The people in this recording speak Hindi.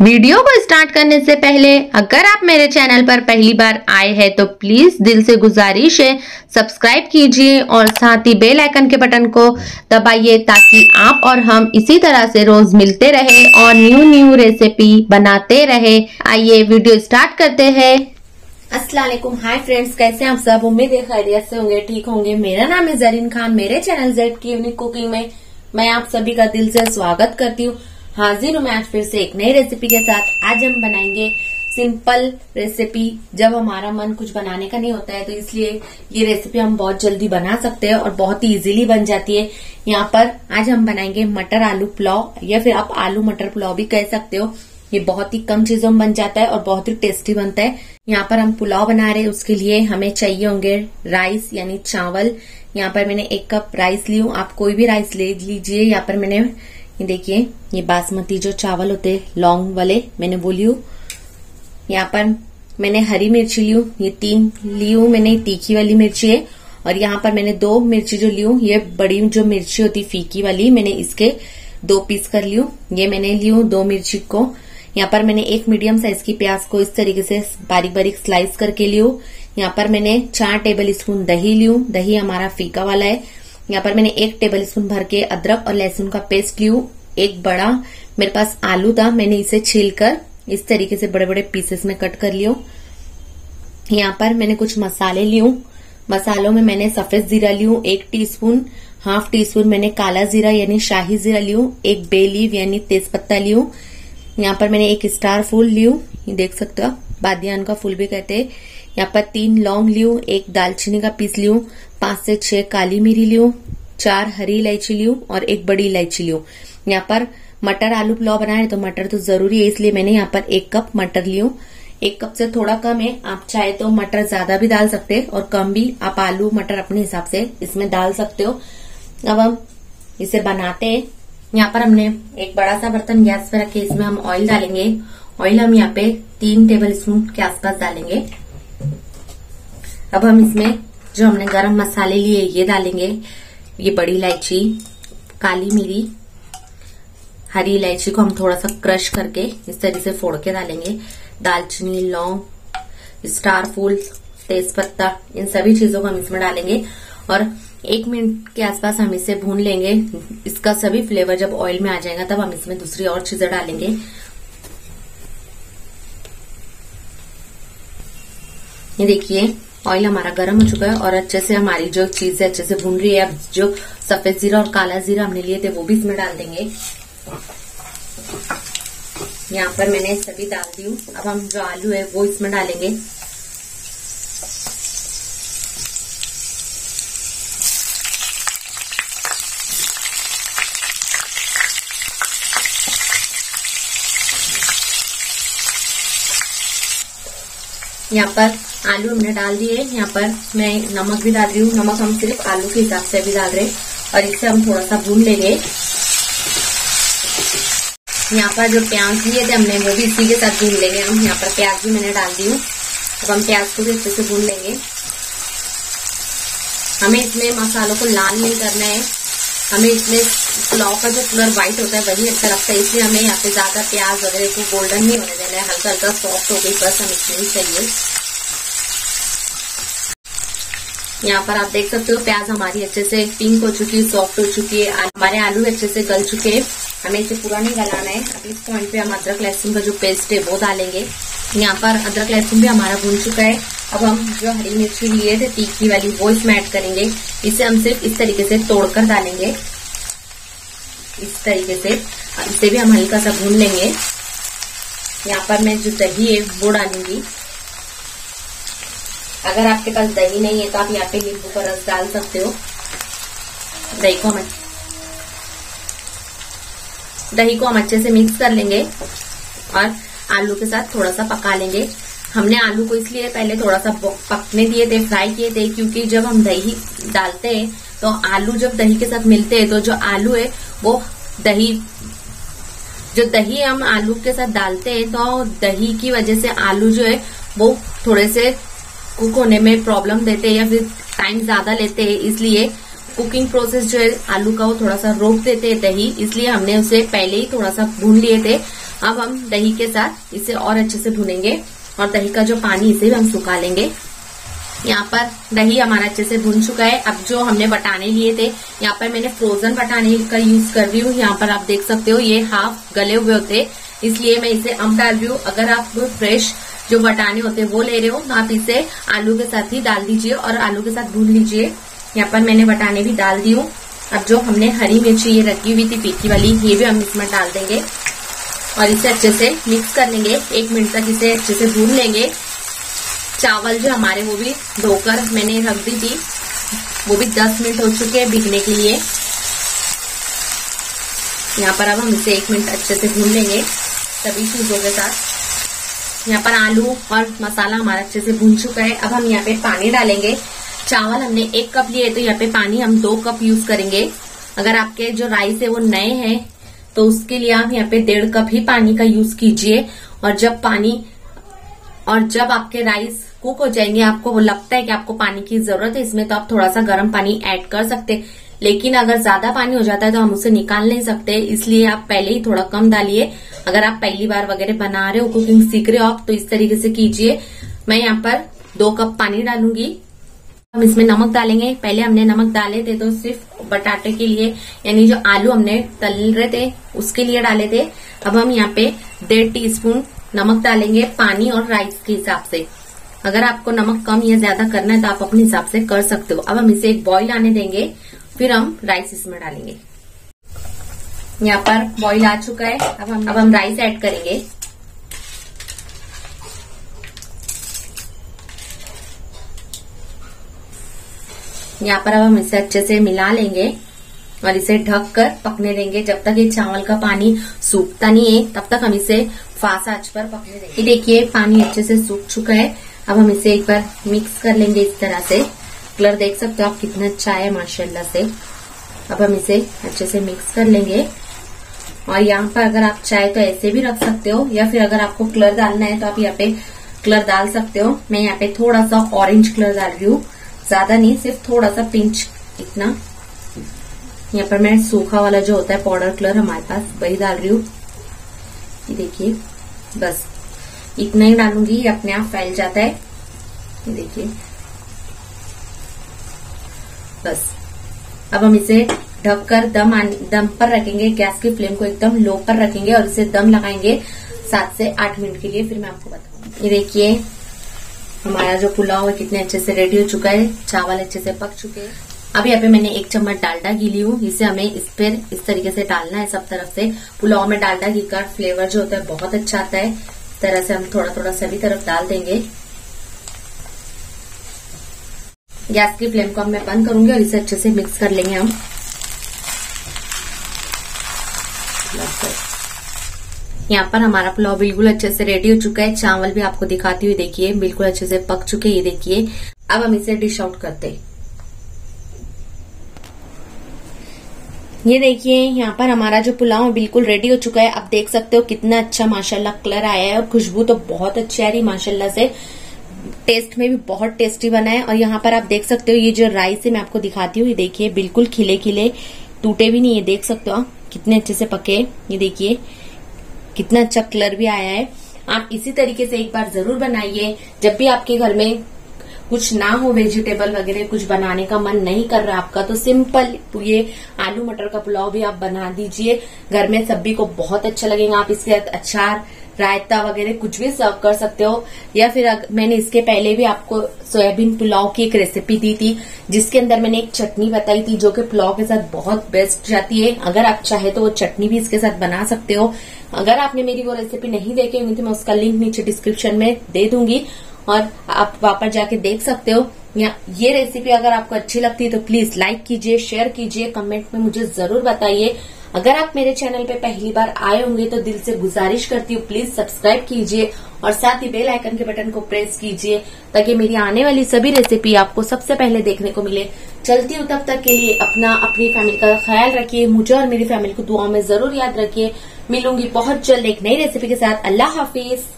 वीडियो को स्टार्ट करने से पहले अगर आप मेरे चैनल पर पहली बार आए हैं तो प्लीज दिल से गुजारिश है सब्सक्राइब कीजिए और साथ ही बेल आइकन के बटन को दबाइए ताकि आप और हम इसी तरह से रोज मिलते रहे और न्यू न्यू रेसिपी बनाते रहे आइए वीडियो स्टार्ट करते हैं असला हाय फ्रेंड्स कैसे आप सब उम्मीद है खैरियत से होंगे ठीक होंगे मेरा नाम है जरीन खान मेरे चैनल जेड की यूनिक कुकिंग में मैं आप सभी का दिल से स्वागत करती हूँ हाजिर हूँ मैं आज फिर से एक नई रेसिपी के साथ आज हम बनाएंगे सिंपल रेसिपी जब हमारा मन कुछ बनाने का नहीं होता है तो इसलिए ये रेसिपी हम बहुत जल्दी बना सकते हैं और बहुत ही इजीली बन जाती है यहाँ पर आज हम बनाएंगे मटर आलू पुलाव या फिर आप आलू मटर पुलाव भी कह सकते हो ये बहुत ही कम चीजों में बन जाता है और बहुत ही टेस्टी बनता है यहाँ पर हम पुलाव बना रहे हैं उसके लिए हमें चाहिए होंगे राइस यानी चावल यहाँ पर मैंने एक कप राइस ली हूँ आप कोई भी राइस ले लीजिए यहाँ पर मैंने ये देखिए ये बासमती जो चावल होते लॉन्ग वाले मैंने वो लियो यहाँ पर मैंने हरी मिर्ची ली ये तीन लियू मैंने तीखी वाली मिर्ची है और यहाँ पर मैंने दो मिर्ची जो लियू ये बड़ी जो मिर्ची होती फीकी वाली मैंने इसके दो पीस कर ली ये मैंने लियू दो मिर्ची को यहाँ पर मैंने एक मीडियम साइज की प्याज को इस तरीके से बारीक बारीक स्लाइस करके लियो यहाँ पर मैंने चार टेबल स्पून दही लियू दही हमारा फीका वाला है यहाँ पर मैंने एक टेबल स्पून भर के अदरक और लहसुन का पेस्ट ली एक बड़ा मेरे पास आलू था मैंने इसे छील कर इस तरीके से बड़े बड़े पीसेस में कट कर लियो यहाँ पर मैंने कुछ मसाले लियो मसालों में मैंने सफेद जीरा लियो एक टीस्पून हाफ टी स्पून मैंने काला जीरा यानी शाही जीरा लियो एक बे लीव यानी तेज पत्ता लियो यहाँ पर मैंने एक स्टार फूल लियो ये देख सकते हो बादियान का फूल भी कहते हैं यहाँ पर तीन लौंग लियो एक दालचीनी का पीस लियो पांच से छह काली मिरी लियो चार हरी इलायची लियो और एक बड़ी इलायची लियो यहाँ पर मटर आलू पुलाव बनाए है तो मटर तो जरूरी है इसलिए मैंने यहाँ पर एक कप मटर लियो एक कप से थोड़ा कम है आप चाहे तो मटर ज्यादा भी डाल सकते हैं और कम भी आप आलू मटर अपने हिसाब से इसमें डाल सकते हो अब हम इसे बनाते हैं यहाँ पर हमने एक बड़ा सा बर्तन गैस पर रखे इसमें हम ऑयल डालेंगे ऑयल हम यहाँ पे तीन टेबल स्पून के आसपास डालेंगे अब हम इसमें जो हमने गरम मसाले लिए ये डालेंगे ये बड़ी इलायची काली मिरी हरी इलायची को हम थोड़ा सा क्रश करके इस तरीके से फोड़ के डालेंगे दालचीनी लौंग स्टार फूल तेज पत्ता इन सभी चीजों को हम इसमें डालेंगे और एक मिनट के आसपास हम इसे भून लेंगे इसका सभी फ्लेवर जब ऑयल में आ जाएगा तब हम इसमें दूसरी और चीजें डालेंगे ये देखिए ऑयल हमारा गर्म हो चुका है और अच्छे से हमारी जो चीज है अच्छे से भून रही है अब जो सफेद जीरा और काला जीरा हमने लिए थे वो भी इसमें डाल देंगे यहाँ पर मैंने सभी डाल दी हूँ अब हम जो आलू है वो इसमें डालेंगे यहाँ पर आलू हमने डाल दिए यहाँ पर मैं नमक भी डाल रही हूँ नमक हम सिर्फ आलू के हिसाब से भी डाल रहे और इसे हम थोड़ा सा भून लेंगे यहाँ पर जो प्याज लिए थे हमने वो भी इसी के साथ भून लेंगे हम यहाँ पर प्याज भी मैंने डाल दी हूँ अब हम प्याज को भी अच्छे से भून लेंगे हमें इसमें मसालों को लाल नहीं करना है हमें इसमें पुलाव का जो कलर व्हाइट होता है वही अच्छा लगता है इसलिए हमें यहाँ पे ज़्यादा प्याज वगैरह को गोल्डन नहीं होने देना है हल्का हल्का सॉफ्ट हो गई बस हमें इसमें चाहिए यहाँ पर आप देख सकते हो प्याज हमारी अच्छे से पिंक हो चुकी है सॉफ्ट हो चुकी है हमारे आलू अच्छे से गल चुके हैं हमें इसे पूरा नहीं गलाना है अभी इस पॉइंट पे हम अदरक लहसुन का जो पेस्ट है वो डालेंगे यहाँ पर अदरक लहसुन भी हमारा भून चुका है अब हम जो हरी मिर्ची लिए थे तीखी वाली वो इसमें ऐड करेंगे इसे हम सिर्फ इस तरीके से तोड़कर डालेंगे इस तरीके से इसे भी हम हल्का सा भून लेंगे यहाँ पर मैं जो दही है वो डालूंगी अगर आपके पास दही नहीं है तो आप यहाँ पे नींबू का रस डाल सकते हो दही को हम दही को हम अच्छे से मिक्स कर लेंगे और आलू के साथ थोड़ा सा पका लेंगे हमने आलू को इसलिए पहले थोड़ा सा पकने दिए थे फ्राई किए थे क्योंकि जब हम दही डालते हैं तो आलू जब दही के साथ मिलते हैं तो जो आलू है वो दही जो दही हम आलू के साथ डालते हैं तो दही की वजह से आलू जो है वो थोड़े से कुक होने में प्रॉब्लम देते हैं या फिर टाइम ज्यादा लेते हैं इसलिए कुकिंग प्रोसेस जो है आलू का वो थोड़ा सा रोक देते हैं दही इसलिए हमने उसे पहले ही थोड़ा सा भून लिए थे अब हम दही के साथ इसे और अच्छे से भुनेंगे और दही का जो पानी इसे भी हम सुखा लेंगे यहाँ पर दही हमारा अच्छे से भुन चुका है अब जो हमने बटाने लिए थे यहाँ पर मैंने फ्रोजन बटाने का यूज कर रही हूँ यहाँ पर आप देख सकते हो ये हाफ गले हुए होते इसलिए मैं इसे अम डाल रही हूँ अगर आप फ्रेश जो बटाने होते हैं वो ले रहे हो तो आप इसे आलू के साथ ही डाल दीजिए और आलू के साथ भून लीजिए यहाँ पर मैंने बटाने भी डाल दी हूँ अब जो हमने हरी मिर्ची ये रखी हुई थी पीकी वाली ये भी हम इसमें डाल देंगे और इसे अच्छे से मिक्स कर लेंगे एक मिनट तक इसे अच्छे से भून लेंगे चावल जो हमारे वो भी धोकर मैंने रख दी थी वो भी 10 मिनट हो चुके हैं भिगने के लिए यहाँ पर अब हम इसे एक मिनट अच्छे से भून लेंगे सभी चीज़ों के साथ यहाँ पर आलू और मसाला हमारा अच्छे से भून चुका है अब हम यहाँ पे पानी डालेंगे चावल हमने एक कप लिए तो यहाँ पे पानी हम दो कप यूज करेंगे अगर आपके जो राइस है वो नए हैं तो उसके लिए आप यहाँ पे डेढ़ कप ही पानी का यूज कीजिए और जब पानी और जब आपके राइस कुक हो जाएंगे आपको वो लगता है कि आपको पानी की जरूरत है इसमें तो आप थोड़ा सा गर्म पानी ऐड कर सकते लेकिन अगर ज्यादा पानी हो जाता है तो हम उसे निकाल नहीं सकते इसलिए आप पहले ही थोड़ा कम डालिए अगर आप पहली बार वगैरह बना रहे हो कुकिंग सीख रहे हो आप तो इस तरीके से कीजिए मैं यहाँ पर दो कप पानी डालूंगी हम इसमें नमक डालेंगे पहले हमने नमक डाले थे तो सिर्फ बटाटे के लिए यानी जो आलू हमने तल रहे थे उसके लिए डाले थे अब हम यहाँ पे डेढ़ टीस्पून नमक डालेंगे पानी और राइस के हिसाब से अगर आपको नमक कम या ज्यादा करना है तो आप अपने हिसाब से कर सकते हो अब हम इसे एक बॉईल आने देंगे फिर हम राइस इसमें डालेंगे यहाँ पर बॉईल आ चुका है अब हम अब हम राइस ऐड करेंगे यहाँ पर अब हम इसे अच्छे से मिला लेंगे और इसे ढक कर पकने देंगे जब तक ये चावल का पानी सूखता नहीं है तब तक हम इसे फासा आंच पर पकने देंगे देखिए पानी अच्छे से सूख चुका है अब हम इसे एक बार मिक्स कर लेंगे इस तरह से कलर देख सकते हो आप कितना अच्छा है माशाल्लाह से अब हम इसे अच्छे से मिक्स कर लेंगे और यहाँ पर अगर आप चाहे तो ऐसे भी रख सकते हो या फिर अगर आपको कलर डालना है तो आप यहाँ पे कलर डाल सकते हो मैं यहाँ पे थोड़ा सा ऑरेंज कलर डाल रही हूँ ज्यादा नहीं सिर्फ थोड़ा सा पिंच इतना यहाँ पर मैं सूखा वाला जो होता है पाउडर कलर हमारे पास वही डाल रही हूँ ये देखिए बस इतना ही डालूंगी अपने आप फैल जाता है ये देखिए बस अब हम इसे ढककर दम दम पर रखेंगे गैस की फ्लेम को एकदम लो पर रखेंगे और इसे दम लगाएंगे सात से आठ मिनट के लिए फिर मैं आपको बताऊंगी ये देखिए हमारा जो पुलाव है कितने अच्छे से रेडी हो चुका है चावल अच्छे से पक चुके हैं अब यहाँ पे मैंने एक चम्मच डालडा घी ली हूँ इसे हमें इस पर इस तरीके से डालना है सब तरफ से पुलाव में डालडा घी का फ्लेवर जो होता है बहुत अच्छा आता है इस तरह से हम थोड़ा थोड़ा सभी तरफ डाल देंगे गैस की फ्लेम को हम मैं बंद करूंगी और इसे अच्छे से मिक्स कर लेंगे हम यहाँ पर हमारा पुलाव बिल्कुल अच्छे से रेडी हो चुका है चावल भी आपको दिखाती हुई देखिए बिल्कुल अच्छे से पक चुके ये देखिए अब हम इसे डिश आउट करते ये देखिए यहाँ पर हमारा जो पुलाव है बिल्कुल रेडी हो चुका है आप देख सकते हो कितना अच्छा माशाल्लाह कलर आया है और खुशबू तो बहुत अच्छी आ रही माशाल्लाह से टेस्ट में भी बहुत टेस्टी बना है और यहाँ पर आप देख सकते हो ये जो राइस है मैं आपको दिखाती हूँ ये देखिए बिल्कुल खिले खिले टूटे भी नहीं है देख सकते हो कितने अच्छे से पके ये देखिए कितना अच्छा कलर भी आया है आप इसी तरीके से एक बार जरूर बनाइए जब भी आपके घर में कुछ ना हो वेजिटेबल वगैरह कुछ बनाने का मन नहीं कर रहा आपका तो सिंपल ये आलू मटर का पुलाव भी आप बना दीजिए घर में सभी को बहुत अच्छा लगेगा आप इसके साथ अचार रायता वगैरह कुछ भी सर्व कर सकते हो या फिर मैंने इसके पहले भी आपको सोयाबीन पुलाव की एक रेसिपी दी थी जिसके अंदर मैंने एक चटनी बताई थी जो कि पुलाव के साथ बहुत बेस्ट जाती है अगर आप चाहे तो वो चटनी भी इसके साथ बना सकते हो अगर आपने मेरी वो रेसिपी नहीं देखी होगी तो मैं उसका लिंक नीचे डिस्क्रिप्शन में दे दूंगी और आप वापस जाके देख सकते हो या ये रेसिपी अगर आपको अच्छी लगती है तो प्लीज लाइक कीजिए शेयर कीजिए कमेंट में मुझे जरूर बताइए अगर आप मेरे चैनल पे पहली बार आए होंगे तो दिल से गुजारिश करती हूँ प्लीज सब्सक्राइब कीजिए और साथ ही बेल आइकन के बटन को प्रेस कीजिए ताकि मेरी आने वाली सभी रेसिपी आपको सबसे पहले देखने को मिले चलती हूँ तब तक के लिए अपना अपनी फैमिली का ख्याल रखिए मुझे और मेरी फैमिली को दुआ में जरूर याद रखिये मिलूंगी बहुत जल्द एक नई रेसिपी के साथ अल्लाह हाफिज